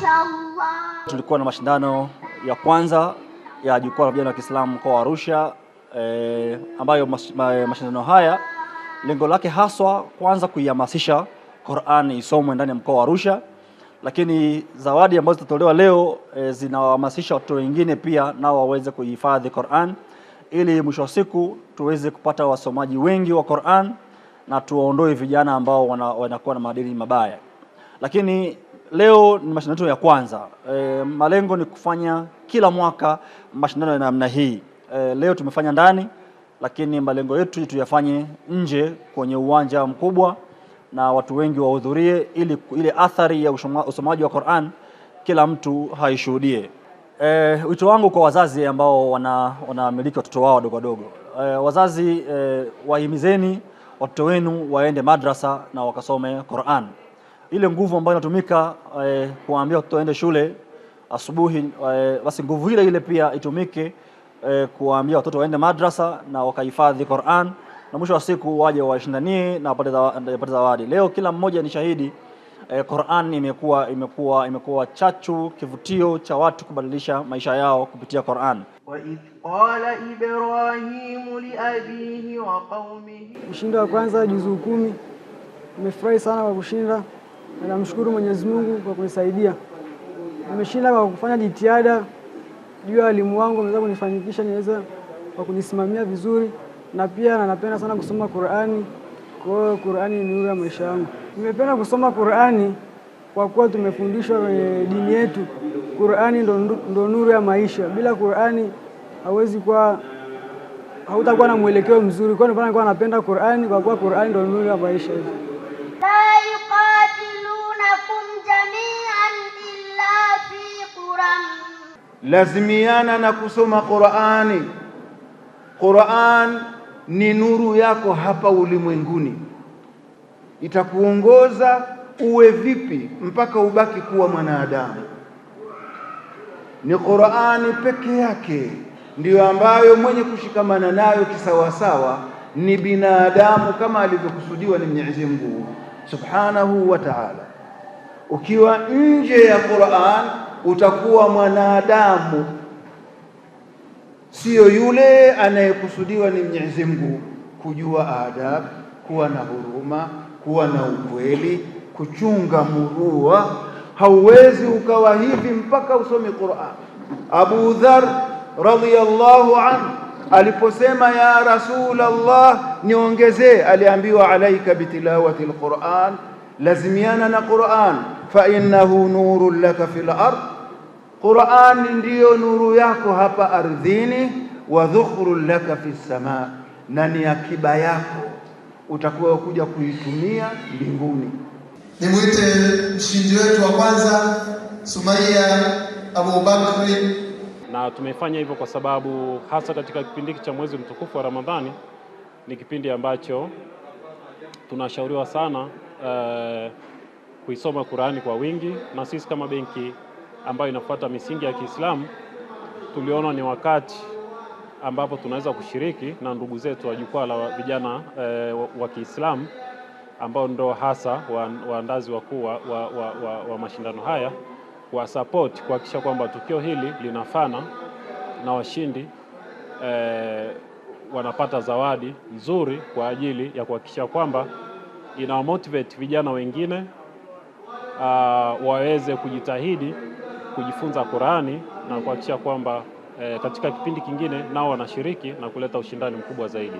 Mashallah. Tulikuwa na mashindano ya kwanza ya jukwaa la vijana wa Kiislamu mkoa wa Arusha eh, ambayo mashindano haya lengo lake haswa kwanza kuihamasisha Qur'an isomwe ndani ya mkoa wa Arusha, lakini zawadi ambazo zitatolewa leo e, zinawahamasisha watoto wengine pia nao waweze kuhifadhi Qur'an ili mwisho wa siku tuweze kupata wasomaji wengi wa Qur'an na tuwaondoe vijana ambao wanakuwa wana na maadili mabaya. Lakini Leo ni mashindano ya kwanza e, malengo ni kufanya kila mwaka mashindano ya namna hii e, leo tumefanya ndani, lakini malengo yetu tuyafanye nje kwenye uwanja mkubwa na watu wengi wahudhurie, ili ile athari ya usomaji wa Qur'an kila mtu haishuhudie. E, wito wangu kwa wazazi ambao wanamiliki wana watoto wao wadogo wadogo e, wazazi e, wahimizeni watoto wenu waende madrasa na wakasome Qur'an ile nguvu ambayo inatumika e, eh, kuambia watoto waende shule asubuhi e, basi nguvu ile ile pia itumike e, eh, kuambia watoto waende madrasa na wakahifadhi Qur'an na mwisho wa siku waje washindanie na wapate zawadi. Leo kila mmoja ni shahidi e, Qur'an imekuwa imekuwa imekuwa chachu, kivutio cha watu kubadilisha maisha yao kupitia Qur'an. wa mshindi wa kwanza juzuu kumi. Nimefurahi sana kwa kushinda. Namshukuru Mwenyezi Mungu kwa kunisaidia. Nimeshinda kwa kufanya jitihada juu ya walimu wangu, wameweza kunifanikisha niweza kwa kunisimamia vizuri, na pia na napenda sana kusoma Qur'ani. Kwa hiyo Qur'ani ni nuru ya maisha yangu. Nimependa kusoma Qur'ani kwa kuwa tumefundishwa kwenye dini yetu, Qur'ani ndo nuru ya maisha. Bila Qur'ani hawezi kuwa hautakuwa na mwelekeo mzuri. Kwa hiyo napenda Qur'ani kwa kuwa Qur'ani ndo nuru ya maisha. lazimiana na kusoma Qur'ani. Qur'an ni nuru yako hapa ulimwenguni, itakuongoza uwe vipi mpaka ubaki kuwa mwanadamu. Ni Qur'ani peke yake ndiyo ambayo mwenye kushikamana nayo kisawasawa ni binadamu kama alivyokusudiwa ni Mwenyezi Mungu Subhanahu wa Ta'ala. Ukiwa nje ya Qur'an utakuwa mwanadamu, siyo yule anayekusudiwa ni Mwenyezi Mungu. Kujua adabu, kuwa na huruma, kuwa na ukweli, kuchunga murua. Hauwezi ukawa hivi mpaka usome Qur'an. Abu Dhar radhiyallahu anhu aliposema ya Rasulullah, niongezee, aliambiwa alaika bitilawati alquran, lazimiana na Quran, fa innahu nurun laka fil lardi Qurani ndiyo nuru yako hapa ardhini, wa dhukhrun laka fi samaa, na ni akiba yako utakuwa kuja kuitumia mbinguni. Nimwite mshindi wetu wa kwanza sumaiya Abubakri. Na tumefanya hivyo kwa sababu hasa katika kipindi hiki cha mwezi mtukufu wa Ramadhani ni kipindi ambacho tunashauriwa sana uh, kuisoma Qurani kwa wingi, na sisi kama benki ambayo inafuata misingi ya Kiislamu, tuliona ni wakati ambapo tunaweza kushiriki na ndugu zetu wa jukwaa la vijana e, wa, Kiislamu ambao ndo hasa waandazi wa wakuu wa, wa, wa, wa, wa mashindano haya wa support kuhakikisha kwamba tukio hili linafana na washindi e, wanapata zawadi nzuri kwa ajili ya kuhakikisha kwamba inawamotivate vijana wengine a, ah, waweze kujitahidi kujifunza Qurani na kuhakikisha kwamba e, katika kipindi kingine nao wanashiriki na kuleta ushindani mkubwa zaidi.